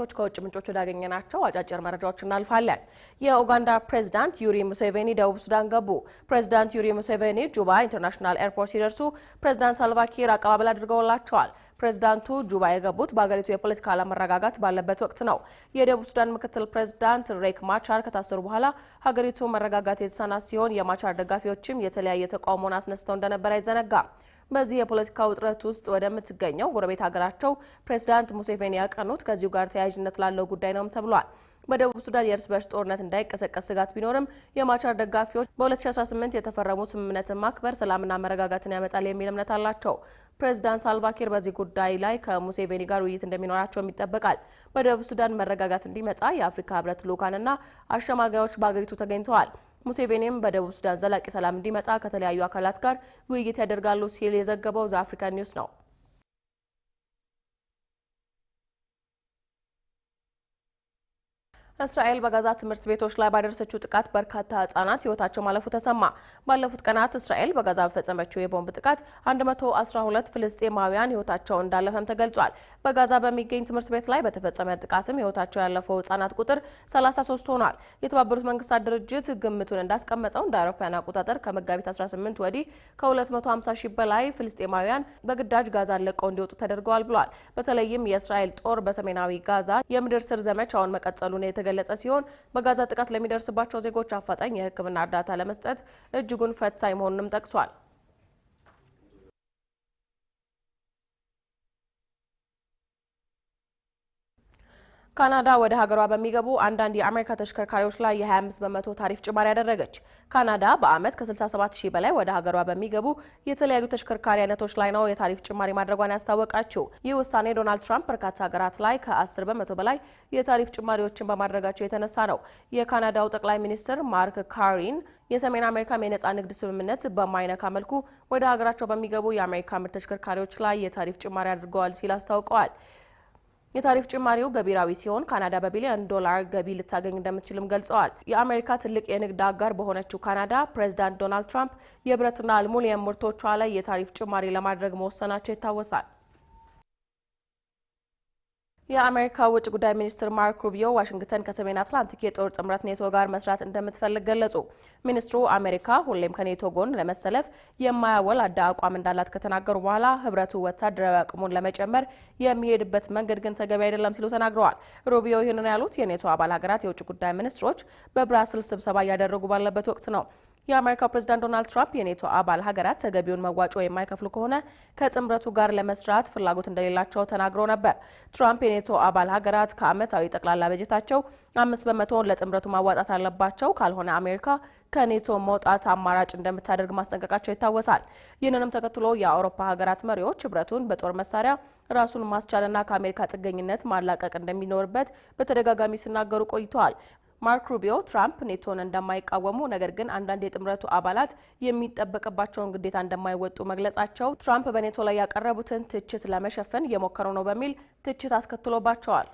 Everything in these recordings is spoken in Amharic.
ቶች ከውጭ ምንጮች ናቸው። አጫጭር መረጃዎች እናልፋለን። የኡጋንዳ ፕሬዝዳንት ዩሪ ሙሴቬኒ ደቡብ ሱዳን ገቡ። ፕሬዚዳንት ዩሪ ሙሴቬኒ ጁባ ኢንተርናሽናል ኤርፖርት ሲደርሱ ፕሬዝዳንት ሳልቫኪር አቀባበል አድርገውላቸዋል። ፕሬዝዳንቱ ጁባ የገቡት በሀገሪቱ የፖለቲካ አለመረጋጋት ባለበት ወቅት ነው። የደቡብ ሱዳን ምክትል ፕሬዝዳንት ሬክ ማቻር ከታሰሩ በኋላ ሀገሪቱ መረጋጋት የተሳናት ሲሆን የማቻር ደጋፊዎችም የተለያየ ተቃውሞን አስነስተው እንደነበር አይዘነጋም። በዚህ የፖለቲካ ውጥረት ውስጥ ወደምትገኘው ጎረቤት ሀገራቸው ፕሬዚዳንት ሙሴቬኒ ያቀኑት ከዚሁ ጋር ተያያዥነት ላለው ጉዳይ ነውም ተብሏል። በደቡብ ሱዳን የእርስ በርስ ጦርነት እንዳይቀሰቀስ ስጋት ቢኖርም የማቻር ደጋፊዎች በ2018 የተፈረሙ ስምምነትን ማክበር ሰላምና መረጋጋትን ያመጣል የሚል እምነት አላቸው። ፕሬዚዳንት ሳልቫኪር በዚህ ጉዳይ ላይ ከሙሴቬኒ ጋር ውይይት እንደሚኖራቸውም ይጠበቃል። በደቡብ ሱዳን መረጋጋት እንዲመጣ የአፍሪካ ህብረት ልኡካንና አሸማጋዮች በሀገሪቱ ተገኝተዋል። ሙሴቬኒም በደቡብ ሱዳን ዘላቂ ሰላም እንዲመጣ ከተለያዩ አካላት ጋር ውይይት ያደርጋሉ ሲል የዘገበው ዘ አፍሪካን ኒውስ ነው። እስራኤል በጋዛ ትምህርት ቤቶች ላይ ባደረሰችው ጥቃት በርካታ ህጻናት ህይወታቸው ማለፉ ተሰማ። ባለፉት ቀናት እስራኤል በጋዛ በፈጸመችው የቦምብ ጥቃት 112 ፍልስጤማውያን ህይወታቸው እንዳለፈም ተገልጿል። በጋዛ በሚገኝ ትምህርት ቤት ላይ በተፈጸመ ጥቃትም ህይወታቸው ያለፈው ህጻናት ቁጥር 33 ሆኗል። የተባበሩት መንግስታት ድርጅት ግምቱን እንዳስቀመጠው እንደ አውሮፓውያን አቆጣጠር ከመጋቢት 18 ወዲህ ከ250 ሺ በላይ ፍልስጤማውያን በግዳጅ ጋዛን ለቀው እንዲወጡ ተደርገዋል ብሏል። በተለይም የእስራኤል ጦር በሰሜናዊ ጋዛ የምድር ስር ዘመቻውን መቀጠሉን የተገለጸ ሲሆን በጋዛ ጥቃት ለሚደርስባቸው ዜጎች አፋጣኝ የሕክምና እርዳታ ለመስጠት እጅጉን ፈታኝ መሆኑንም ጠቅሷል። ካናዳ ወደ ሀገሯ በሚገቡ አንዳንድ የአሜሪካ ተሽከርካሪዎች ላይ የ25 በመቶ ታሪፍ ጭማሪ ያደረገች። ካናዳ በዓመት ከ67 ሺህ በላይ ወደ ሀገሯ በሚገቡ የተለያዩ ተሽከርካሪ አይነቶች ላይ ነው የታሪፍ ጭማሪ ማድረጓን ያስታወቃቸው። ይህ ውሳኔ ዶናልድ ትራምፕ በርካታ ሀገራት ላይ ከ10 በመቶ በላይ የታሪፍ ጭማሪዎችን በማድረጋቸው የተነሳ ነው። የካናዳው ጠቅላይ ሚኒስትር ማርክ ካሪን የሰሜን አሜሪካም የነጻ ንግድ ስምምነት በማይነካ መልኩ ወደ ሀገራቸው በሚገቡ የአሜሪካ ምርት ተሽከርካሪዎች ላይ የታሪፍ ጭማሪ አድርገዋል ሲል አስታውቀዋል። የታሪፍ ጭማሪው ገቢራዊ ሲሆን ካናዳ በቢሊዮን ዶላር ገቢ ልታገኝ እንደምትችልም ገልጸዋል። የአሜሪካ ትልቅ የንግድ አጋር በሆነችው ካናዳ ፕሬዚዳንት ዶናልድ ትራምፕ የብረትና አልሙኒየም ምርቶቿ ላይ የታሪፍ ጭማሪ ለማድረግ መወሰናቸው ይታወሳል። የአሜሪካ ውጭ ጉዳይ ሚኒስትር ማርክ ሩቢዮ ዋሽንግተን ከሰሜን አትላንቲክ የጦር ጥምረት ኔቶ ጋር መስራት እንደምትፈልግ ገለጹ። ሚኒስትሩ አሜሪካ ሁሌም ከኔቶ ጎን ለመሰለፍ የማያወላዳ አቋም እንዳላት ከተናገሩ በኋላ ህብረቱ ወታደራዊ አቅሙን ለመጨመር የሚሄድበት መንገድ ግን ተገቢ አይደለም ሲሉ ተናግረዋል። ሩቢዮ ይህንን ያሉት የኔቶ አባል ሀገራት የውጭ ጉዳይ ሚኒስትሮች በብራስልስ ስብሰባ እያደረጉ ባለበት ወቅት ነው። የአሜሪካው ፕሬዚዳንት ዶናልድ ትራምፕ የኔቶ አባል ሀገራት ተገቢውን መዋጮ የማይከፍሉ ከሆነ ከጥምረቱ ጋር ለመስራት ፍላጎት እንደሌላቸው ተናግሮ ነበር። ትራምፕ የኔቶ አባል ሀገራት ከዓመታዊ ጠቅላላ በጀታቸው አምስት በመቶውን ለጥምረቱ ማዋጣት አለባቸው፣ ካልሆነ አሜሪካ ከኔቶ መውጣት አማራጭ እንደምታደርግ ማስጠንቀቃቸው ይታወሳል። ይህንንም ተከትሎ የአውሮፓ ሀገራት መሪዎች ህብረቱን በጦር መሳሪያ ራሱን ማስቻልና ከአሜሪካ ጥገኝነት ማላቀቅ እንደሚኖርበት በተደጋጋሚ ሲናገሩ ቆይተዋል። ማርክ ሩቢዮ ትራምፕ ኔቶን እንደማይቃወሙ ነገር ግን አንዳንድ የጥምረቱ አባላት የሚጠበቅባቸውን ግዴታ እንደማይወጡ መግለጻቸው ትራምፕ በኔቶ ላይ ያቀረቡትን ትችት ለመሸፈን እየሞከሩ ነው በሚል ትችት አስከትሎባቸዋል።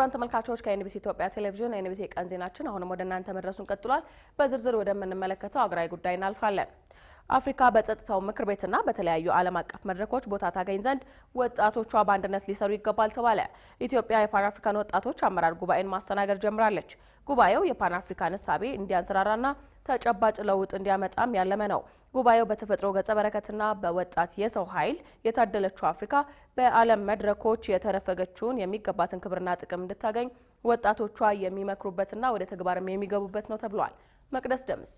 ክቡራን ተመልካቾች ከኤንቢሲ ኢትዮጵያ ቴሌቪዥን የኤንቢሲ ቀን ዜናችን አሁንም ወደ እናንተ መድረሱን ቀጥሏል። በዝርዝር ወደምንመለከተው አገራዊ ጉዳይ እናልፋለን። አፍሪካ በጸጥታው ምክር ቤትና በተለያዩ ዓለም አቀፍ መድረኮች ቦታ ታገኝ ዘንድ ወጣቶቿ በአንድነት ሊሰሩ ይገባል ተባለ። ኢትዮጵያ የፓን አፍሪካን ወጣቶች አመራር ጉባኤን ማስተናገድ ጀምራለች። ጉባኤው የፓን አፍሪካን እሳቤ እንዲያንሰራራና ተጨባጭ ለውጥ እንዲያመጣም ያለመ ነው። ጉባኤው በተፈጥሮ ገጸ በረከትና በወጣት የሰው ኃይል የታደለችው አፍሪካ በዓለም መድረኮች የተረፈገችውን የሚገባትን ክብርና ጥቅም እንድታገኝ ወጣቶቿ የሚመክሩበትና ወደ ተግባርም የሚገቡበት ነው ተብሏል። መቅደስ ደምስ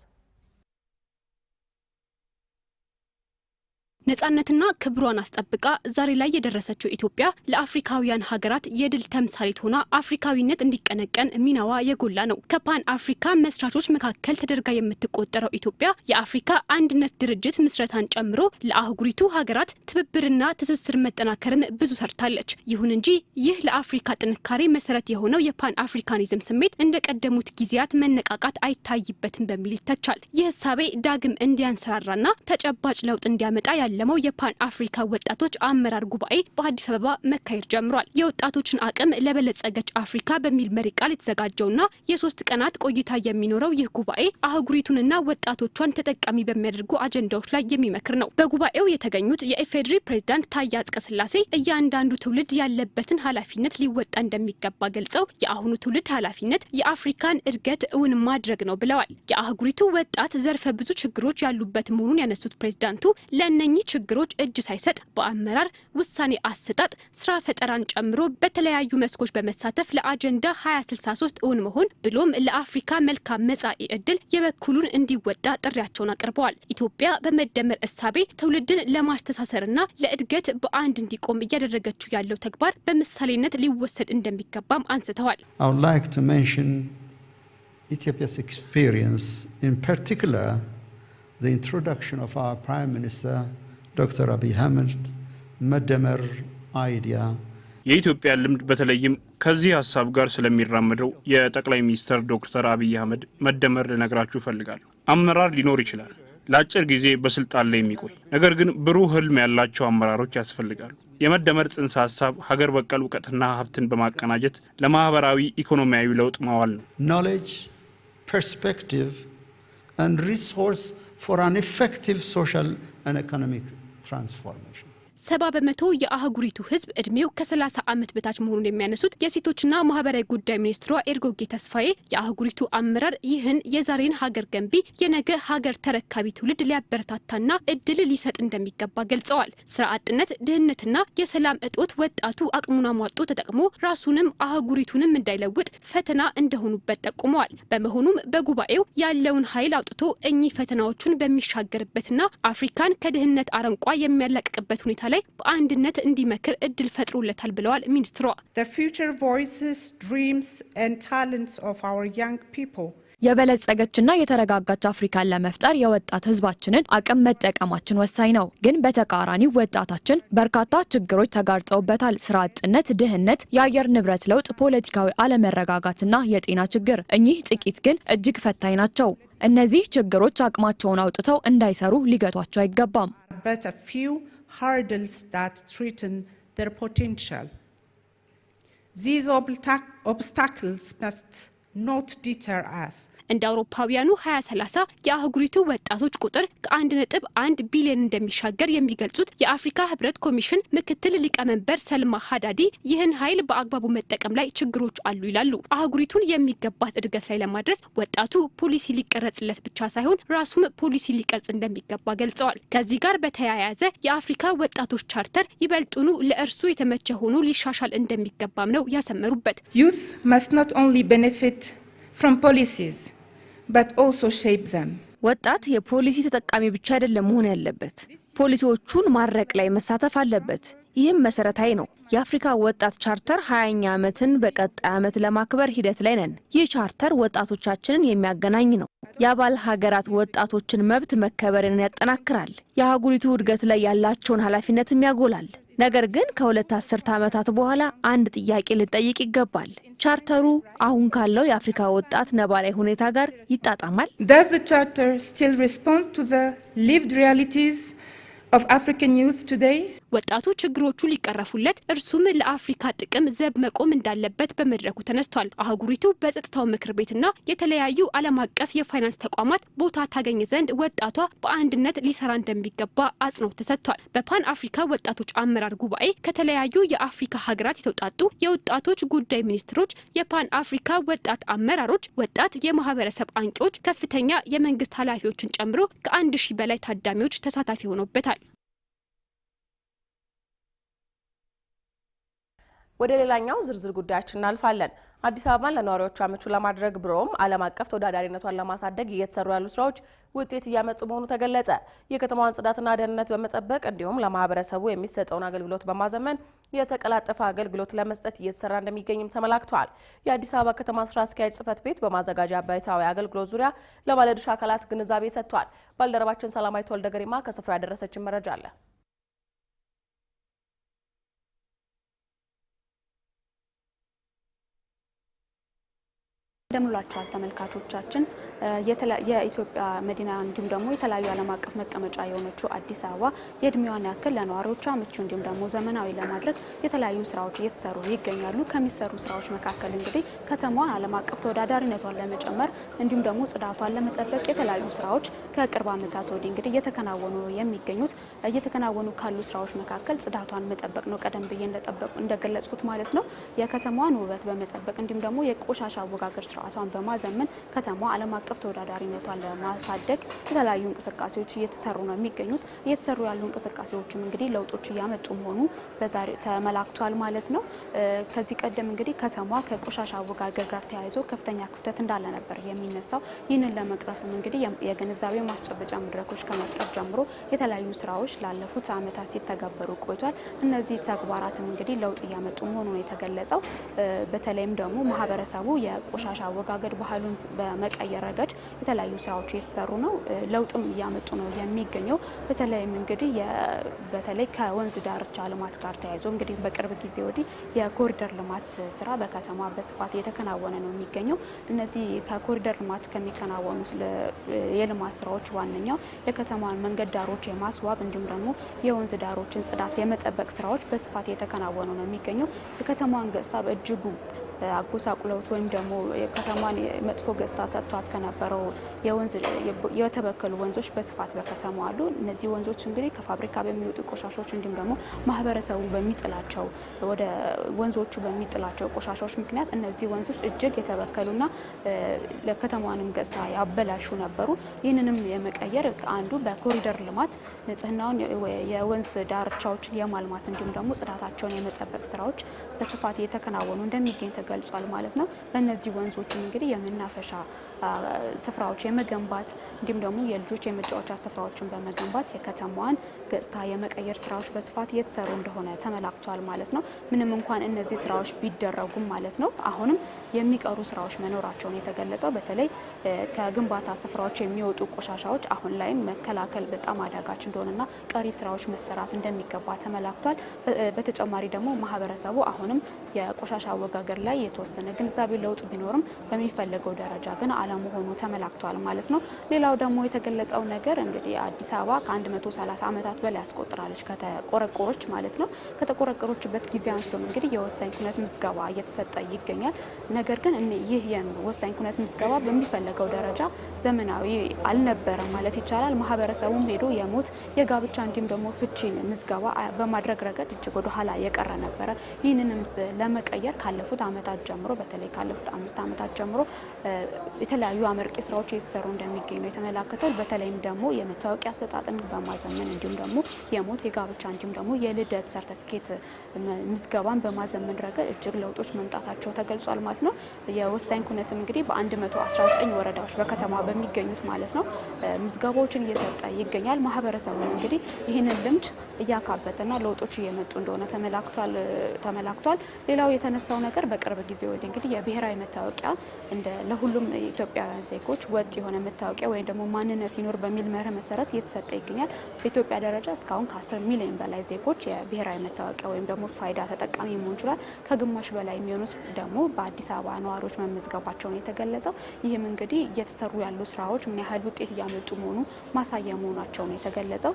ነጻነትና ክብሯን አስጠብቃ ዛሬ ላይ የደረሰችው ኢትዮጵያ ለአፍሪካውያን ሀገራት የድል ተምሳሌት ሆና አፍሪካዊነት እንዲቀነቀን ሚናዋ የጎላ ነው። ከፓን አፍሪካ መስራቾች መካከል ተደርጋ የምትቆጠረው ኢትዮጵያ የአፍሪካ አንድነት ድርጅት ምስረታን ጨምሮ ለአህጉሪቱ ሀገራት ትብብርና ትስስር መጠናከርም ብዙ ሰርታለች። ይሁን እንጂ ይህ ለአፍሪካ ጥንካሬ መሰረት የሆነው የፓን አፍሪካኒዝም ስሜት እንደ ቀደሙት ጊዜያት መነቃቃት አይታይበትም በሚል ይተቻል። ይህ እሳቤ ዳግም እንዲያንሰራራና ተጨባጭ ለውጥ እንዲያመጣ ያለ ያለመው የፓን አፍሪካ ወጣቶች አመራር ጉባኤ በአዲስ አበባ መካሄድ ጀምሯል። የወጣቶችን አቅም ለበለጸገች አፍሪካ በሚል መሪ ቃል የተዘጋጀውና የሶስት ቀናት ቆይታ የሚኖረው ይህ ጉባኤ አህጉሪቱንና ወጣቶቿን ተጠቃሚ በሚያደርጉ አጀንዳዎች ላይ የሚመክር ነው። በጉባኤው የተገኙት የኢፌዴሪ ፕሬዝዳንት ታዬ አጽቀሥላሴ እያንዳንዱ ትውልድ ያለበትን ኃላፊነት ሊወጣ እንደሚገባ ገልጸው የአሁኑ ትውልድ ኃላፊነት የአፍሪካን እድገት እውን ማድረግ ነው ብለዋል። የአህጉሪቱ ወጣት ዘርፈ ብዙ ችግሮች ያሉበት መሆኑን ያነሱት ፕሬዝዳንቱ ለእነኚህ ችግሮች እጅ ሳይሰጥ በአመራር ውሳኔ አሰጣጥ ስራ ፈጠራን ጨምሮ በተለያዩ መስኮች በመሳተፍ ለአጀንዳ 2063 እውን መሆን ብሎም ለአፍሪካ መልካም መጻኢ ዕድል የበኩሉን እንዲወጣ ጥሪያቸውን አቅርበዋል። ኢትዮጵያ በመደመር እሳቤ ትውልድን ለማስተሳሰርና ለእድገት በአንድ እንዲቆም እያደረገችው ያለው ተግባር በምሳሌነት ሊወሰድ እንደሚገባም አንስተዋል። Ethiopia's experience, in particular the introduction of our Prime Minister ዶክተር አብይ አህመድ መደመር አይዲያ የኢትዮጵያ ልምድ በተለይም ከዚህ ሀሳብ ጋር ስለሚራመደው የጠቅላይ ሚኒስትር ዶክተር አብይ አህመድ መደመር ልነግራችሁ እፈልጋለሁ። አመራር ሊኖር ይችላል፣ ለአጭር ጊዜ በስልጣን ላይ የሚቆይ ነገር ግን ብሩህ ህልም ያላቸው አመራሮች ያስፈልጋሉ። የመደመር ጽንሰ ሀሳብ ሀገር በቀል እውቀትና ሀብትን በማቀናጀት ለማህበራዊ ኢኮኖሚያዊ ለውጥ ማዋል ነው። ኖሌጅ ፐርስፔክቲቭ ኤንድ ሪሶርስ ፎር አን ኢፌክቲቭ ሶሻል ኤንድ ኢኮኖሚክ transformation. ሰባ በመቶ የአህጉሪቱ ሕዝብ እድሜው ከሰላሳ ዓመት በታች መሆኑን የሚያነሱት የሴቶችና ማህበራዊ ጉዳይ ሚኒስትሯ ኤርጎጌ ተስፋዬ የአህጉሪቱ አመራር ይህን የዛሬን ሀገር ገንቢ የነገ ሀገር ተረካቢ ትውልድ ሊያበረታታና እድል ሊሰጥ እንደሚገባ ገልጸዋል። ስራ አጥነት፣ ድህነትና የሰላም እጦት ወጣቱ አቅሙን ሟጦ ተጠቅሞ ራሱንም አህጉሪቱንም እንዳይለውጥ ፈተና እንደሆኑበት ጠቁመዋል። በመሆኑም በጉባኤው ያለውን ኃይል አውጥቶ እኚህ ፈተናዎቹን በሚሻገርበትና አፍሪካን ከድህነት አረንቋ የሚያላቅቅበት ሁኔታ ላይ በአንድነት እንዲመክር እድል ፈጥሮለታል ብለዋል ሚኒስትሯ። የበለጸገችና የተረጋጋች አፍሪካን ለመፍጠር የወጣት ህዝባችንን አቅም መጠቀማችን ወሳኝ ነው። ግን በተቃራኒው ወጣታችን በርካታ ችግሮች ተጋርጠውበታል። ስራ አጥነት፣ ድህነት፣ የአየር ንብረት ለውጥ፣ ፖለቲካዊ አለመረጋጋትና የጤና ችግር። እኚህ ጥቂት ግን እጅግ ፈታኝ ናቸው። እነዚህ ችግሮች አቅማቸውን አውጥተው እንዳይሰሩ ሊገቷቸው አይገባም። hurdles that threaten their potential. These obstacles must not deter us እንደ አውሮፓውያኑ 2030 የአህጉሪቱ ወጣቶች ቁጥር ከ1.1 ቢሊዮን እንደሚሻገር የሚገልጹት የአፍሪካ ህብረት ኮሚሽን ምክትል ሊቀመንበር ሰልማ ሀዳዲ ይህን ኃይል በአግባቡ መጠቀም ላይ ችግሮች አሉ ይላሉ። አህጉሪቱን የሚገባት እድገት ላይ ለማድረስ ወጣቱ ፖሊሲ ሊቀረጽለት ብቻ ሳይሆን ራሱም ፖሊሲ ሊቀርጽ እንደሚገባ ገልጸዋል። ከዚህ ጋር በተያያዘ የአፍሪካ ወጣቶች ቻርተር ይበልጡኑ ለእርሱ የተመቸ ሆኖ ሊሻሻል እንደሚገባም ነው ያሰመሩበት። Youth must not only benefit from but ወጣት የፖሊሲ ተጠቃሚ ብቻ አይደለም መሆን ያለበት፣ ፖሊሲዎቹን ማድረቅ ላይ መሳተፍ አለበት። ይህም መሰረታዊ ነው። የአፍሪካ ወጣት ቻርተር ሀያኛ ዓመትን በቀጣይ ዓመት ለማክበር ሂደት ላይ ነን። ይህ ቻርተር ወጣቶቻችንን የሚያገናኝ ነው። የአባል ሀገራት ወጣቶችን መብት መከበርን ያጠናክራል። የአህጉሪቱ እድገት ላይ ያላቸውን ኃላፊነትም ያጎላል። ነገር ግን ከሁለት አስርተ ዓመታት በኋላ አንድ ጥያቄ ልንጠይቅ ይገባል። ቻርተሩ አሁን ካለው የአፍሪካ ወጣት ነባራዊ ሁኔታ ጋር ይጣጣማል? Does the charter still respond to the lived realities of ወጣቱ ችግሮቹ ሊቀረፉለት እርሱም ለአፍሪካ ጥቅም ዘብ መቆም እንዳለበት በመድረኩ ተነስቷል። አህጉሪቱ በጸጥታው ምክር ቤትና የተለያዩ ዓለም አቀፍ የፋይናንስ ተቋማት ቦታ ታገኝ ዘንድ ወጣቷ በአንድነት ሊሰራ እንደሚገባ አጽንኦት ተሰጥቷል። በፓን አፍሪካ ወጣቶች አመራር ጉባኤ ከተለያዩ የአፍሪካ ሀገራት የተውጣጡ የወጣቶች ጉዳይ ሚኒስትሮች፣ የፓን አፍሪካ ወጣት አመራሮች፣ ወጣት የማህበረሰብ አንቂዎች፣ ከፍተኛ የመንግስት ኃላፊዎችን ጨምሮ ከአንድ ሺህ በላይ ታዳሚዎች ተሳታፊ ሆኖበታል። ወደ ሌላኛው ዝርዝር ጉዳያችን እናልፋለን። አዲስ አበባን ለነዋሪዎቿ ምቹ ለማድረግ ብሎም ዓለም አቀፍ ተወዳዳሪነቷን ለማሳደግ እየተሰሩ ያሉ ስራዎች ውጤት እያመጡ መሆኑ ተገለጸ። የከተማዋን ጽዳትና ደህንነት በመጠበቅ እንዲሁም ለማህበረሰቡ የሚሰጠውን አገልግሎት በማዘመን የተቀላጠፈ አገልግሎት ለመስጠት እየተሰራ እንደሚገኝም ተመላክቷል። የአዲስ አበባ ከተማ ስራ አስኪያጅ ጽህፈት ቤት በማዘጋጃ ቤታዊ አገልግሎት ዙሪያ ለባለድርሻ አካላት ግንዛቤ ሰጥቷል። ባልደረባችን ሰላማዊት ወልደገሪማ ከስፍራ ያደረሰችን መረጃ አለ። እንደምንላችኋል ተመልካቾቻችን የኢትዮጵያ መዲና እንዲሁም ደግሞ የተለያዩ ዓለም አቀፍ መቀመጫ የሆነችው አዲስ አበባ የእድሜዋን ያክል ለነዋሪዎቿ ምቹ እንዲሁም ደግሞ ዘመናዊ ለማድረግ የተለያዩ ስራዎች እየተሰሩ ይገኛሉ። ከሚሰሩ ስራዎች መካከል እንግዲህ ከተማዋን ዓለም አቀፍ ተወዳዳሪነቷን ለመጨመር እንዲሁም ደግሞ ጽዳቷን ለመጠበቅ የተለያዩ ስራዎች ከቅርብ ዓመታት ወዲህ እንግዲህ እየተከናወኑ የሚገኙት እየተከናወኑ ካሉ ስራዎች መካከል ጽዳቷን መጠበቅ ነው። ቀደም ብዬ እንደገለጽኩት ማለት ነው። የከተማዋን ውበት በመጠበቅ እንዲሁም ደግሞ የቆሻሻ አወጋገር ስርዓቷን በማዘመን ከተማዋ ዓለም አቀፍ አቀፍ ተወዳዳሪነቷን ለማሳደግ የተለያዩ እንቅስቃሴዎች እየተሰሩ ነው የሚገኙት። እየተሰሩ ያሉ እንቅስቃሴዎችም እንግዲህ ለውጦች እያመጡ መሆኑ በዛሬ ተመላክቷል ማለት ነው። ከዚህ ቀደም እንግዲህ ከተማ ከቆሻሻ አወጋገር ጋር ተያይዞ ከፍተኛ ክፍተት እንዳለ ነበር የሚነሳው። ይህንን ለመቅረፍም እንግዲህ የግንዛቤ ማስጨበጫ መድረኮች ከመፍጠር ጀምሮ የተለያዩ ስራዎች ላለፉት አመታት ሲተገበሩ ቆይቷል። እነዚህ ተግባራትም እንግዲህ ለውጥ እያመጡ መሆኑ ነው የተገለጸው። በተለይም ደግሞ ማህበረሰቡ የቆሻሻ አወጋገድ ባህሉን በመቀየር ረገድ የተለያዩ ስራዎች እየተሰሩ ነው፣ ለውጥም እያመጡ ነው የሚገኘው። በተለይም እንግዲህ በተለይ ከወንዝ ዳርቻ ልማት ጋር ተያይዞ እንግዲህ በቅርብ ጊዜ ወዲህ የኮሪደር ልማት ስራ በከተማ በስፋት እየተከናወነ ነው የሚገኘው። እነዚህ ከኮሪደር ልማት ከሚከናወኑ የልማት ስራዎች ዋነኛው የከተማን መንገድ ዳሮች የማስዋብ እንዲሁም ደግሞ የወንዝ ዳሮችን ጽዳት የመጠበቅ ስራዎች በስፋት እየተከናወኑ ነው የሚገኘው የከተማዋን ገጽታ በእጅጉ አጎሳቁለውት ወይም ደግሞ ከተማን መጥፎ ገጽታ ሰጥቷት ከነበረው የተበከሉ ወንዞች በስፋት በከተማ አሉ። እነዚህ ወንዞች እንግዲህ ከፋብሪካ በሚወጡ ቆሻሻዎች እንዲሁም ደግሞ ማህበረሰቡ በሚጥላቸው ወደ ወንዞቹ በሚጥላቸው ቆሻሻዎች ምክንያት እነዚህ ወንዞች እጅግ የተበከሉና ለከተማንም ገጽታ ያበላሹ ነበሩ። ይህንንም የመቀየር አንዱ በኮሪደር ልማት ንጽህናውን የወንዝ ዳርቻዎችን የማልማት እንዲሁም ደግሞ ጽዳታቸውን የመጠበቅ ስራዎች በስፋት እየተከናወኑ እንደሚገኝ ተገልጿል ማለት ነው። በእነዚህ ወንዞችም እንግዲህ የመናፈሻ ስፍራዎች የመገንባት እንዲሁም ደግሞ የልጆች የመጫወቻ ስፍራዎችን በመገንባት የከተማዋን ገጽታ የመቀየር ስራዎች በስፋት እየተሰሩ እንደሆነ ተመላክቷል ማለት ነው። ምንም እንኳን እነዚህ ስራዎች ቢደረጉም ማለት ነው አሁንም የሚቀሩ ስራዎች መኖራቸውን የተገለጸው በተለይ ከግንባታ ስፍራዎች የሚወጡ ቆሻሻዎች አሁን ላይም መከላከል በጣም አዳጋች እንደሆነና ቀሪ ስራዎች መሰራት እንደሚገባ ተመላክቷል። በተጨማሪ ደግሞ ማህበረሰቡ አሁንም የቆሻሻ አወጋገር ላይ የተወሰነ ግንዛቤ ለውጥ ቢኖርም በሚፈለገው ደረጃ ግን አለ መሆኑ ተመላክቷል ማለት ነው። ሌላው ደግሞ የተገለጸው ነገር እንግዲህ አዲስ አበባ ከ130 ዓመታት በላይ ያስቆጥራለች ከተቆረቆሮች ማለት ነው። ከተቆረቆሮችበት ጊዜ ነው እንግዲህ የወሳኝ ኩነት ምዝገባ እየተሰጠ ይገኛል። ነገር ግን ይህ የወሳኝ ኩነት ምዝገባ በሚፈለገው ደረጃ ዘመናዊ አልነበረም ማለት ይቻላል። ማህበረሰቡም ሄዶ የሞት የጋብቻ እንዲሁም ደግሞ ፍቺ ምዝገባ በማድረግ ረገድ እጅግ ወደ ኋላ የቀረ ነበረ። ይህንንም ለመቀየር ካለፉት ዓመታት ጀምሮ በተለይ ካለፉት አምስት ዓመታት ጀምሮ የተለያዩ አመርቂ ስራዎች እየተሰሩ እንደሚገኙ የተመላከተው። በተለይም ደግሞ የመታወቂያ አሰጣጥን በማዘመን እንዲሁም ደግሞ የሞት የጋብቻ እንዲሁም ደግሞ የልደት ሰርተፊኬት ምዝገባን በማዘመን ረገድ እጅግ ለውጦች መምጣታቸው ተገልጿል ማለት ነው። የወሳኝ ኩነትም እንግዲህ በ119 ወረዳዎች በከተማ በሚገኙት ማለት ነው ምዝገባዎችን እየሰጠ ይገኛል። ማህበረሰቡ እንግዲህ ይህንን ልምድ እያካበተና ለውጦች እየመጡ እንደሆነ ተመላክቷል ተመላክቷል። ሌላው የተነሳው ነገር በቅርብ ጊዜ ወደ እንግዲህ የብሔራዊ መታወቂያ እንደ ለሁሉም ኢትዮጵያውያን ዜጎች ወጥ የሆነ መታወቂያ ወይም ደግሞ ማንነት ይኖር በሚል መርህ መሰረት እየተሰጠ ይገኛል። በኢትዮጵያ ደረጃ እስካሁን ከ10 ሚሊዮን በላይ ዜጎች የብሔራዊ መታወቂያ ወይም ደግሞ ፋይዳ ተጠቃሚ መሆን ይችላል። ከግማሽ በላይ የሚሆኑት ደግሞ በአዲስ አበባ ነዋሪዎች መመዝገባቸውን የተገለጸው ይህም እንግዲህ እየተሰሩ ያሉ ስራዎች ምን ያህል ውጤት እያመጡ መሆኑ ማሳያ መሆናቸውን ነው የተገለጸው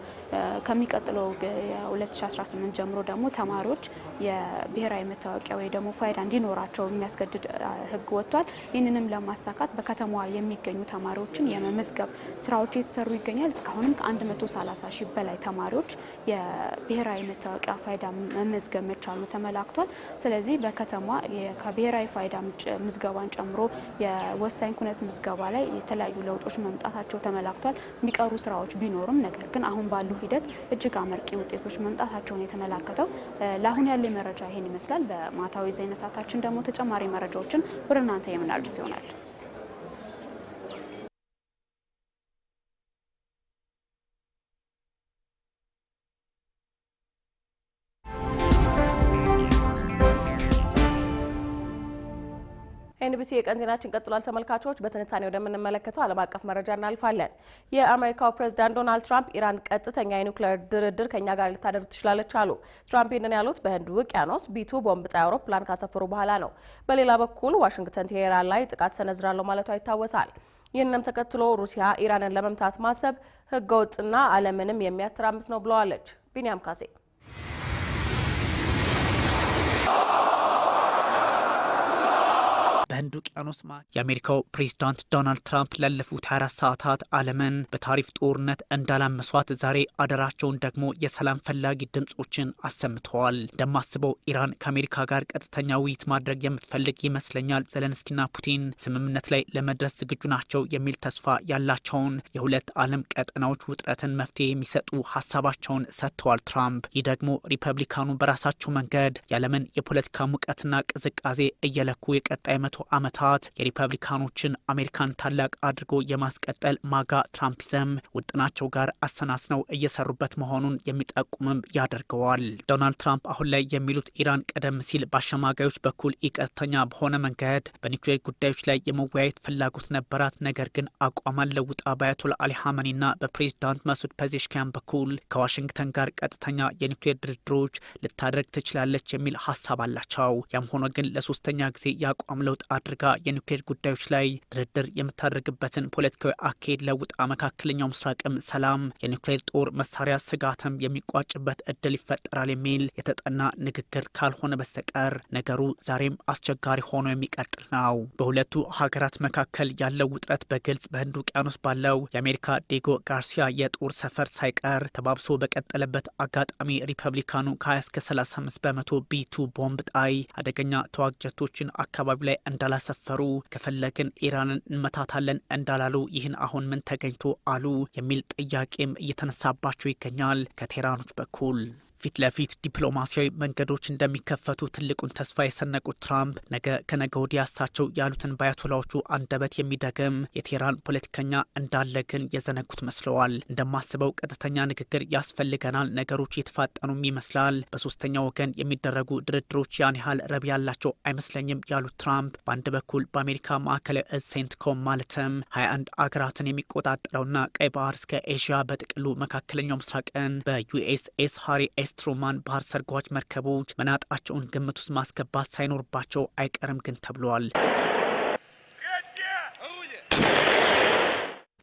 ከሚቀጥለው 2018 ጀምሮ ደግሞ ተማሪዎች የብሔራዊ መታወቂያ ወይ ደግሞ ፋይዳ እንዲኖራቸው የሚያስገድድ ህግ ወጥቷል። ይህንንም ለማሳካት በከተማዋ የሚገኙ ተማሪዎችን የመመዝገብ ስራዎች እየተሰሩ ይገኛል። እስካሁንም ከ130 በላይ ተማሪዎች የብሔራዊ መታወቂያ ፋይዳ መመዝገብ መቻሉ ተመላክቷል። ስለዚህ በከተማ ከብሔራዊ ፋይዳ ምዝገባን ጨምሮ የወሳኝ ኩነት ምዝገባ ላይ የተለያዩ ለውጦች መምጣታቸው ተመላክቷል። የሚቀሩ ስራዎች ቢኖሩም ነገር ግን አሁን ባሉ ሂደት እጅግ አመርቂ ውጤቶች መምጣታቸውን የተመላከተው። ለአሁን ያለ መረጃ ይሄን ይመስላል። በማታዊ ዜና ሰዓታችን ደግሞ ተጨማሪ መረጃዎችን ወደ እናንተ የምናደርስ ይሆናል። ኤንቢሲ የቀን ዜናችን ቀጥሏል። ተመልካቾች በትንታኔ ወደምንመለከተው ዓለም አቀፍ መረጃ እናልፋለን። የአሜሪካው ፕሬዝዳንት ዶናልድ ትራምፕ ኢራን ቀጥተኛ የኒውክሌር ድርድር ከእኛ ጋር ልታደርግ ትችላለች አሉ። ትራምፕ ይህንን ያሉት በህንድ ውቅያኖስ ቢቱ ቦምብ ጣይ አውሮፕላን ካሰፈሩ በኋላ ነው። በሌላ በኩል ዋሽንግተን ቴሄራን ላይ ጥቃት ሰነዝራለሁ ማለቷ ይታወሳል። ይህንም ተከትሎ ሩሲያ ኢራንን ለመምታት ማሰብ ህገወጥና ዓለምንም የሚያተራምስ ነው ብለዋለች። ቢንያም ካሴ በህንድ ውቅያኖስ ማ የአሜሪካው ፕሬዚዳንት ዶናልድ ትራምፕ ላለፉት 24 ሰዓታት ዓለምን በታሪፍ ጦርነት እንዳላመሷት ዛሬ አደራቸውን ደግሞ የሰላም ፈላጊ ድምፆችን አሰምተዋል። እንደማስበው ኢራን ከአሜሪካ ጋር ቀጥተኛ ውይይት ማድረግ የምትፈልግ ይመስለኛል። ዘለንስኪና ፑቲን ስምምነት ላይ ለመድረስ ዝግጁ ናቸው የሚል ተስፋ ያላቸውን የሁለት ዓለም ቀጠናዎች ውጥረትን መፍትሄ የሚሰጡ ሀሳባቸውን ሰጥተዋል ትራምፕ። ይህ ደግሞ ሪፐብሊካኑ በራሳቸው መንገድ የዓለምን የፖለቲካ ሙቀትና ቅዝቃዜ እየለኩ የቀጣይ መቶ ዓመታት የሪፐብሊካኖችን አሜሪካን ታላቅ አድርጎ የማስቀጠል ማጋ ትራምፒዝም ውጥናቸው ጋር አሰናስነው እየሰሩበት መሆኑን የሚጠቁምም ያደርገዋል። ዶናልድ ትራምፕ አሁን ላይ የሚሉት ኢራን ቀደም ሲል በአሸማጋዮች በኩል ኢቀጥተኛ በሆነ መንገድ በኒውክሌር ጉዳዮች ላይ የመወያየት ፍላጎት ነበራት፣ ነገር ግን አቋማን ለውጣ በአያቶላ አሊ ሀመኒና በፕሬዚዳንት መሱድ ፐዜሽኪያን በኩል ከዋሽንግተን ጋር ቀጥተኛ የኒውክሌር ድርድሮች ልታደርግ ትችላለች የሚል ሀሳብ አላቸው። ያም ሆኖ ግን ለሶስተኛ ጊዜ የአቋም ለውጥ አድርጋ የኒውክሌር ጉዳዮች ላይ ድርድር የምታደርግበትን ፖለቲካዊ አካሄድ ለውጣ መካከለኛው ምስራቅም ሰላም፣ የኒውክሌር ጦር መሳሪያ ስጋትም የሚቋጭበት እድል ይፈጠራል የሚል የተጠና ንግግር ካልሆነ በስተቀር ነገሩ ዛሬም አስቸጋሪ ሆኖ የሚቀጥል ነው። በሁለቱ ሀገራት መካከል ያለው ውጥረት በግልጽ በህንድ ውቅያኖስ ባለው የአሜሪካ ዴጎ ጋርሲያ የጦር ሰፈር ሳይቀር ተባብሶ በቀጠለበት አጋጣሚ ሪፐብሊካኑ ከ20 እስከ 35 በመቶ ቢቱ ቦምብ ጣይ አደገኛ ተዋጊ ጀቶችን አካባቢ ላይ እንዳላሰፈሩ ከፈለግን ኢራንን እንመታታለን እንዳላሉ ይህን አሁን ምን ተገኝቶ አሉ የሚል ጥያቄም እየተነሳባቸው ይገኛል ከቴህራኖች በኩል ፊት ለፊት ዲፕሎማሲያዊ መንገዶች እንደሚከፈቱ ትልቁን ተስፋ የሰነቁት ትራምፕ ነገ ከነገ ወዲያ እሳቸው ያሉትን ባያቶላዎቹ አንደበት የሚደግም የቴህራን ፖለቲከኛ እንዳለ ግን የዘነጉት መስለዋል። እንደማስበው ቀጥተኛ ንግግር ያስፈልገናል፣ ነገሮች የተፋጠኑም ይመስላል። በሶስተኛ ወገን የሚደረጉ ድርድሮች ያን ያህል ረብ ያላቸው አይመስለኝም ያሉት ትራምፕ በአንድ በኩል በአሜሪካ ማዕከላዊ እዝ ሴንትኮም ማለትም 21 አገራትን የሚቆጣጠረውና ቀይ ባህር እስከ ኤዥያ በጥቅሉ መካከለኛው ምስራቅን በዩኤስኤስ ሃሪ የአይስ ባህር ሰርጓጅ መርከቦች መናጣቸውን ግምት ውስጥ ማስገባት ሳይኖርባቸው አይቀርም ግን ተብሏል።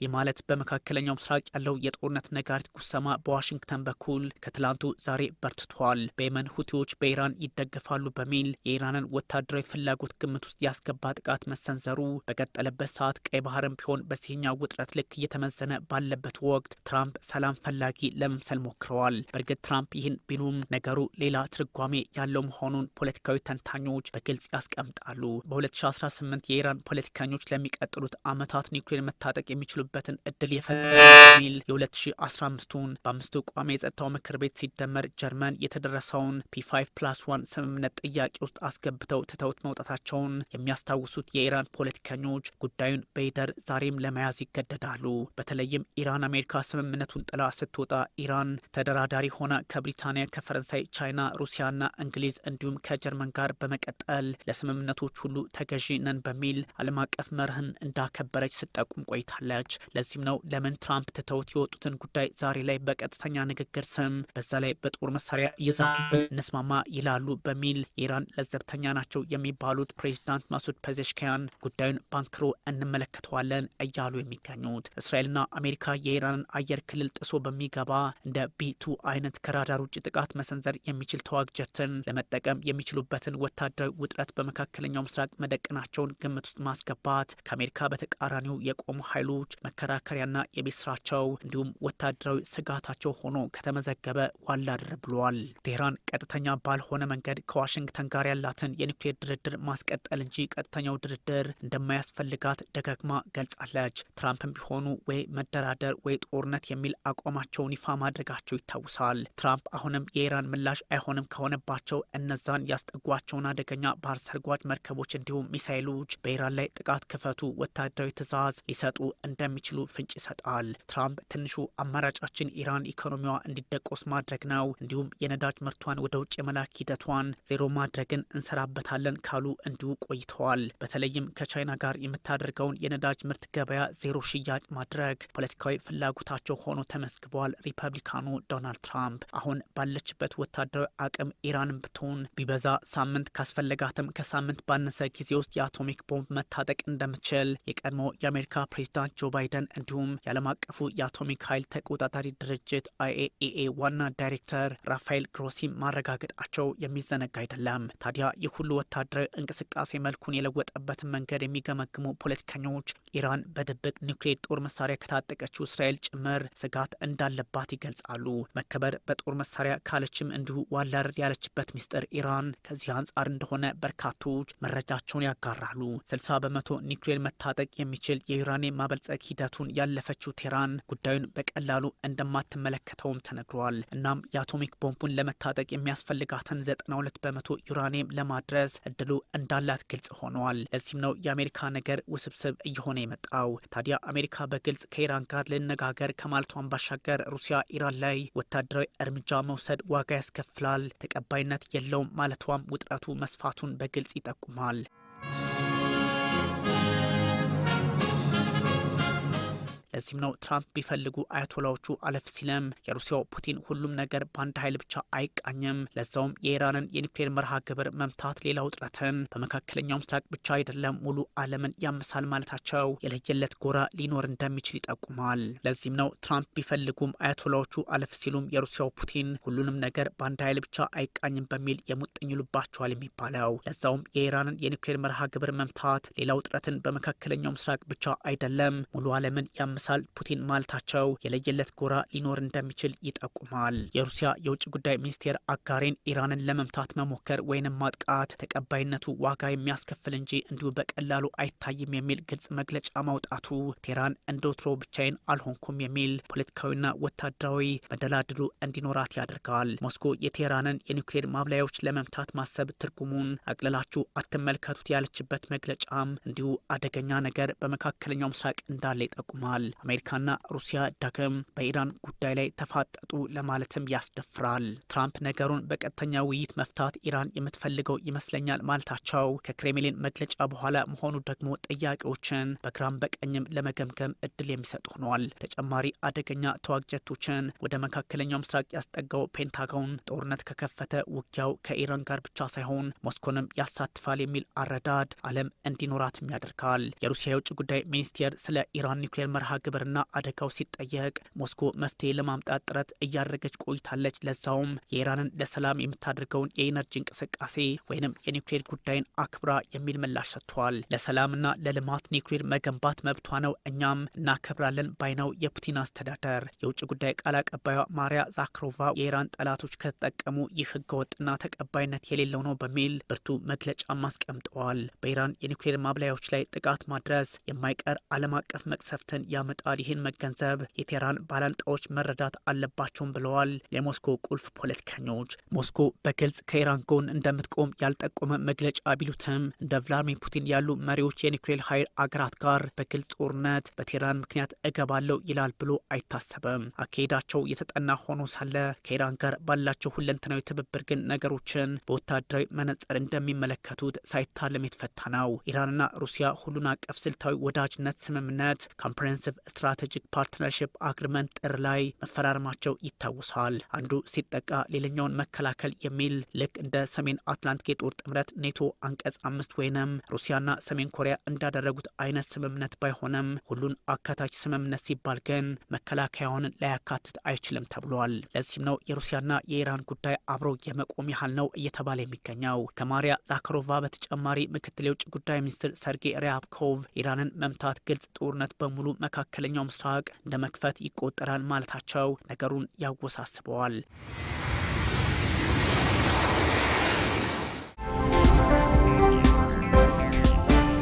ይህ ማለት በመካከለኛው ምስራቅ ያለው የጦርነት ነጋሪት ጉሰማ በዋሽንግተን በኩል ከትላንቱ ዛሬ በርትቷል። በየመን ሁቲዎች በኢራን ይደገፋሉ በሚል የኢራንን ወታደራዊ ፍላጎት ግምት ውስጥ ያስገባ ጥቃት መሰንዘሩ በቀጠለበት ሰዓት ቀይ ባህርም ቢሆን በዚህኛው ውጥረት ልክ እየተመዘነ ባለበት ወቅት ትራምፕ ሰላም ፈላጊ ለመምሰል ሞክረዋል። በእርግጥ ትራምፕ ይህን ቢሉም ነገሩ ሌላ ትርጓሜ ያለው መሆኑን ፖለቲካዊ ተንታኞች በግልጽ ያስቀምጣሉ። በ2018 የኢራን ፖለቲከኞች ለሚቀጥሉት ዓመታት ኒውክሌር መታጠቅ የሚችሉ የሚችልበትን እድል የፈጠረ የሚል የ2015ቱን በአምስቱ ቋሚ የጸጥታው ምክር ቤት ሲደመር ጀርመን የተደረሰውን ፒ5 ፕላስ ዋን ስምምነት ጥያቄ ውስጥ አስገብተው ትተውት መውጣታቸውን የሚያስታውሱት የኢራን ፖለቲከኞች ጉዳዩን በይደር ዛሬም ለመያዝ ይገደዳሉ። በተለይም ኢራን አሜሪካ ስምምነቱን ጥላ ስትወጣ ኢራን ተደራዳሪ ሆና ከብሪታንያ፣ ከፈረንሳይ፣ ቻይና፣ ሩሲያና እንግሊዝ እንዲሁም ከጀርመን ጋር በመቀጠል ለስምምነቶች ሁሉ ተገዢ ነን በሚል ዓለም አቀፍ መርህን እንዳከበረች ስትጠቁም ቆይታለች። ለዚህም ነው ለምን ትራምፕ ትተውት የወጡትን ጉዳይ ዛሬ ላይ በቀጥተኛ ንግግር ስም በዛ ላይ በጦር መሳሪያ እየዛቱበት እንስማማ ይላሉ በሚል የኢራን ለዘብተኛ ናቸው የሚባሉት ፕሬዚዳንት ማሱድ ፐዜሽኪያን ጉዳዩን ባንክሮ እንመለከተዋለን እያሉ የሚገኙት እስራኤልና አሜሪካ የኢራንን አየር ክልል ጥሶ በሚገባ እንደ ቢቱ አይነት ከራዳር ውጭ ጥቃት መሰንዘር የሚችል ተዋጊ ጀትን ለመጠቀም የሚችሉበትን ወታደራዊ ውጥረት በመካከለኛው ምስራቅ መደቀናቸውን ግምት ውስጥ ማስገባት ከአሜሪካ በተቃራኒው የቆሙ ኃይሎች መከራከሪያና የቤት ስራቸው እንዲሁም ወታደራዊ ስጋታቸው ሆኖ ከተመዘገበ ዋላድር ብሏል። ቴህራን ቀጥተኛ ባልሆነ መንገድ ከዋሽንግተን ጋር ያላትን የኒውክሌር ድርድር ማስቀጠል እንጂ ቀጥተኛው ድርድር እንደማያስፈልጋት ደጋግማ ገልጻለች። ትራምፕም ቢሆኑ ወይ መደራደር ወይ ጦርነት የሚል አቋማቸውን ይፋ ማድረጋቸው ይታወሳል። ትራምፕ አሁንም የኢራን ምላሽ አይሆንም ከሆነባቸው እነዛን ያስጠጓቸውን አደገኛ ባህር ሰርጓጅ መርከቦች እንዲሁም ሚሳይሎች በኢራን ላይ ጥቃት ክፈቱ ወታደራዊ ትዕዛዝ ሊሰጡ እንደሚ እንደሚችሉ ፍንጭ ይሰጣል። ትራምፕ ትንሹ አማራጫችን ኢራን ኢኮኖሚዋ እንዲደቆስ ማድረግ ነው፣ እንዲሁም የነዳጅ ምርቷን ወደ ውጭ የመላክ ሂደቷን ዜሮ ማድረግን እንሰራበታለን ካሉ እንዲሁ ቆይተዋል። በተለይም ከቻይና ጋር የምታደርገውን የነዳጅ ምርት ገበያ ዜሮ ሽያጭ ማድረግ ፖለቲካዊ ፍላጎታቸው ሆኖ ተመዝግበዋል። ሪፐብሊካኑ ዶናልድ ትራምፕ አሁን ባለችበት ወታደራዊ አቅም ኢራንን ብትሆን ቢበዛ ሳምንት ካስፈለጋትም ከሳምንት ባነሰ ጊዜ ውስጥ የአቶሚክ ቦምብ መታጠቅ እንደምትችል የቀድሞ የአሜሪካ ፕሬዚዳንት ጆ ባይደን ባይደን እንዲሁም የዓለም አቀፉ የአቶሚክ ኃይል ተቆጣጣሪ ድርጅት አይኤኢኤ ዋና ዳይሬክተር ራፋኤል ግሮሲ ማረጋገጣቸው የሚዘነጋ አይደለም። ታዲያ ይህ ሁሉ ወታደራዊ እንቅስቃሴ መልኩን የለወጠበትን መንገድ የሚገመግሙ ፖለቲከኞች ኢራን በድብቅ ኒውክሌር ጦር መሳሪያ ከታጠቀችው እስራኤል ጭምር ስጋት እንዳለባት ይገልጻሉ። መከበር በጦር መሳሪያ ካለችም እንዲሁ ዋላርድ ያለችበት ሚስጥር ኢራን ከዚህ አንጻር እንደሆነ በርካቶች መረጃቸውን ያጋራሉ። 60 በመቶ ኒውክሌር መታጠቅ የሚችል የዩራኒየም ማበልጸግ ሂደቱን ያለፈችው ቴህራን ጉዳዩን በቀላሉ እንደማትመለከተውም ተነግሯል። እናም የአቶሚክ ቦምቡን ለመታጠቅ የሚያስፈልጋትን 92 በመቶ ዩራኒየም ለማድረስ እድሉ እንዳላት ግልጽ ሆኗል። ለዚህም ነው የአሜሪካ ነገር ውስብስብ እየሆነ የመጣው። ታዲያ አሜሪካ በግልጽ ከኢራን ጋር ልነጋገር ከማለቷን ባሻገር ሩሲያ ኢራን ላይ ወታደራዊ እርምጃ መውሰድ ዋጋ ያስከፍላል፣ ተቀባይነት የለውም ማለቷም ውጥረቱ መስፋቱን በግልጽ ይጠቁማል። ለዚህም ነው ትራምፕ ቢፈልጉ አያቶላዎቹ አለፍ ሲለም የሩሲያው ፑቲን ሁሉም ነገር በአንድ ኃይል ብቻ አይቃኝም፣ ለዛውም የኢራንን የኒውክሌር መርሃ ግብር መምታት ሌላው ውጥረትን በመካከለኛው ምስራቅ ብቻ አይደለም ሙሉ ዓለምን ያመሳል ማለታቸው የለየለት ጎራ ሊኖር እንደሚችል ይጠቁማል። ለዚህም ነው ትራምፕ ቢፈልጉም አያቶላዎቹ አለፍ ሲሉም የሩሲያው ፑቲን ሁሉንም ነገር በአንድ ኃይል ብቻ አይቃኝም በሚል የሙጥኝ ይሉባቸዋል የሚባለው። ለዛውም የኢራንን የኒውክሌር መርሃ ግብር መምታት ሌላው ውጥረትን በመካከለኛው ምስራቅ ብቻ አይደለም ሙሉ ዓለምን ያመ ያነሳል ፑቲን ማለታቸው የለየለት ጎራ ሊኖር እንደሚችል ይጠቁማል። የሩሲያ የውጭ ጉዳይ ሚኒስቴር አጋሬን ኢራንን ለመምታት መሞከር ወይንም ማጥቃት ተቀባይነቱ ዋጋ የሚያስከፍል እንጂ እንዲሁ በቀላሉ አይታይም የሚል ግልጽ መግለጫ ማውጣቱ ቴህራን እንደ ወትሮ ብቻዬን አልሆንኩም የሚል ፖለቲካዊና ወታደራዊ መደላድሉ እንዲኖራት ያደርጋል። ሞስኮ የቴህራንን የኒውክሌር ማብላያዎች ለመምታት ማሰብ ትርጉሙን አቅልላችሁ አትመልከቱት ያለችበት መግለጫም እንዲሁ አደገኛ ነገር በመካከለኛው ምስራቅ እንዳለ ይጠቁማል። አሜሪካና ሩሲያ ዳግም በኢራን ጉዳይ ላይ ተፋጠጡ ለማለትም ያስደፍራል። ትራምፕ ነገሩን በቀጥተኛ ውይይት መፍታት ኢራን የምትፈልገው ይመስለኛል ማለታቸው ከክሬምሊን መግለጫ በኋላ መሆኑ ደግሞ ጥያቄዎችን በግራም በቀኝም ለመገምገም እድል የሚሰጥ ሆኗል። ተጨማሪ አደገኛ ተዋጊ ጀቶችን ወደ መካከለኛው ምስራቅ ያስጠጋው ፔንታጎን ጦርነት ከከፈተ ውጊያው ከኢራን ጋር ብቻ ሳይሆን ሞስኮንም ያሳትፋል የሚል አረዳድ ዓለም እንዲኖራትም ያደርጋል። የሩሲያ የውጭ ጉዳይ ሚኒስቴር ስለ ኢራን ኒውክሌር መርሃ ግብርና አደጋው ሲጠየቅ ሞስኮ መፍትሄ ለማምጣት ጥረት እያደረገች ቆይታለች። ለዛውም የኢራንን ለሰላም የምታደርገውን የኤነርጂ እንቅስቃሴ ወይንም የኒውክሌር ጉዳይን አክብራ የሚል ምላሽ ሰጥቷል። ለሰላምና ለልማት ኒውክሌር መገንባት መብቷ ነው፣ እኛም እናከብራለን ባይነው የፑቲን አስተዳደር። የውጭ ጉዳይ ቃል አቀባዩ ማሪያ ዛክሮቫ የኢራን ጠላቶች ከተጠቀሙ ይህ ህገወጥና ተቀባይነት የሌለው ነው በሚል ብርቱ መግለጫም አስቀምጠዋል። በኢራን የኒውክሌር ማብላያዎች ላይ ጥቃት ማድረስ የማይቀር ዓለም አቀፍ መቅሰፍትን ያ መጣል ይህን መገንዘብ የቴህራን ባላንጣዎች መረዳት አለባቸውም ብለዋል የሞስኮ ቁልፍ ፖለቲከኞች። ሞስኮ በግልጽ ከኢራን ጎን እንደምትቆም ያልጠቆመ መግለጫ ቢሉትም እንደ ቭላድሚር ፑቲን ያሉ መሪዎች የኒውክሌር ኃይል አገራት ጋር በግልጽ ጦርነት በቴህራን ምክንያት እገባለው ይላል ብሎ አይታሰብም። አካሄዳቸው የተጠና ሆኖ ሳለ ከኢራን ጋር ባላቸው ሁለንተናዊ ትብብር ግን ነገሮችን በወታደራዊ መነጽር እንደሚመለከቱት ሳይታለም የተፈታ ነው። ኢራንና ሩሲያ ሁሉን አቀፍ ስልታዊ ወዳጅነት ስምምነት ኮምፕሬንሲቭ የኪየቭ ስትራቴጂክ ፓርትነርሽፕ አግሪመንት ጥር ላይ መፈራረማቸው ይታወሳል። አንዱ ሲጠቃ ሌላኛውን መከላከል የሚል ልክ እንደ ሰሜን አትላንቲክ የጦር ጥምረት ኔቶ አንቀጽ አምስት ወይንም ሩሲያና ሰሜን ኮሪያ እንዳደረጉት አይነት ስምምነት ባይሆንም ሁሉን አካታች ስምምነት ሲባል ግን መከላከያውን ላያካትት አይችልም ተብሏል። ለዚህም ነው የሩሲያና የኢራን ጉዳይ አብሮ የመቆም ያህል ነው እየተባለ የሚገኘው። ከማሪያ ዛካሮቫ በተጨማሪ ምክትል የውጭ ጉዳይ ሚኒስትር ሰርጌይ ሪያብኮቭ ኢራንን መምታት ግልጽ ጦርነት በሙሉ መካከል መካከለኛው ምስራቅ እንደ መክፈት ይቆጠራል ማለታቸው ነገሩን ያወሳስበዋል።